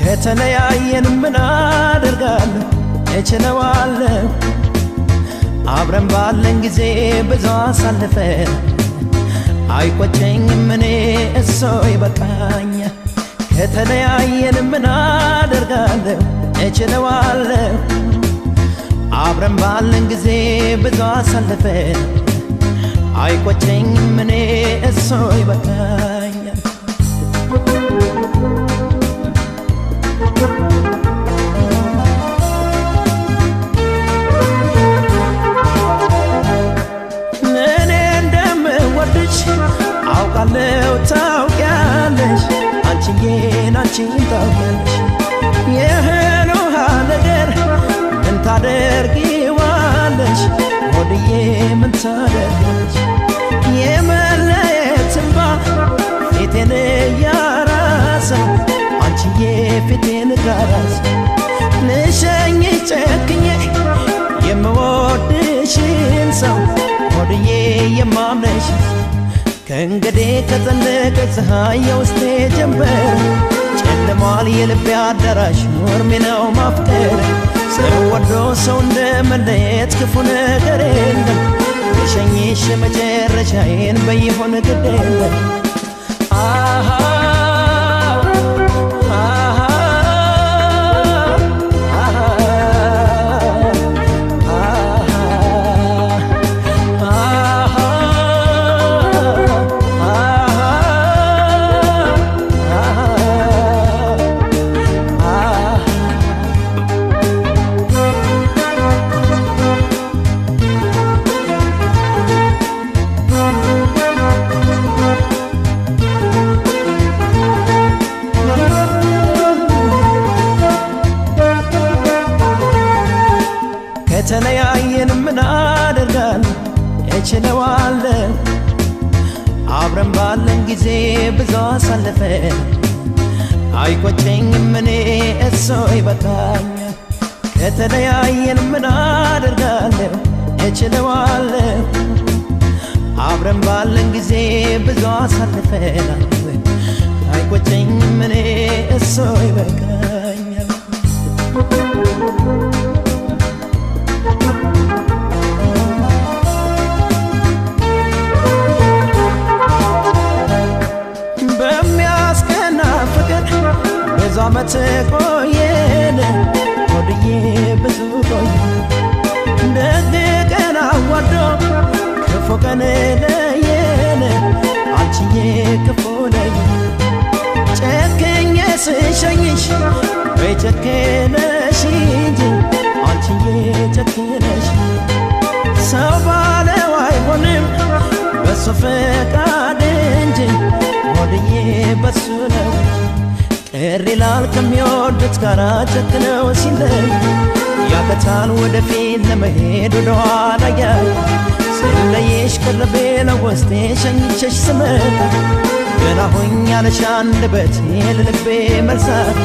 ከተለያየን ምን አደርጋለሁ? እችለዋለሁ አብረን ባለን ጊዜ ብዙ አሳልፈን አይቆጨኝም እኔ እሶ ይበቃኝ ከተለያየን ምን አደርጋለሁ እችለዋለሁ አብረን ባለን ጊዜ ብዙ አሳልፈን አይቆጨኝም እኔ ብዬ ምን ታደርጋች የመለየት ፊቴን እያራሰ አንቺዬ ፊቴን ጋራስ ልሸኝ ጨክኜ የምወድሽን ሰው ወድዬ የማምነሽ ከእንግዲህ ከጸለቀ ፀሐይ የውስጤ ጀንበር ጨልሟል የልቤ አዳራሽ ኖርሜ ነው ማፍቀር ወዶ ሰው እንደመለየት ክፉ ነገር የለም። የሸኝሽ መጨረሻዬን በይሆን ግድ የለም እችለዋለሁ አብረን ባለን ጊዜ ብዙ አሳለፈ አይቆጨኝም እኔ እሱ ይበቃል ከተለያየን ምን አደርጋለሁ እችለዋለሁ አብረን ባለን ጊዜ ብዙ አሳልፈናል ዓመት ቆየን ወድዬ ብዙ ቆየ ደግ ቀን አዋዶ ክፉ ቀን ለየን አንቺዬ ክፉ ነይ ጨክኜ ስሸኝሽ በጨክኜ ከወደት ጋር ጨክነው ሲለይ ወደ ወደፊት ለመሄድ ኋላ ያል ስለየሽ ከረቤ ለወስጤ ሸኝቸሽ ስመት ገና ሆኛለሽ አንደበቴ ለልቤ መልሳት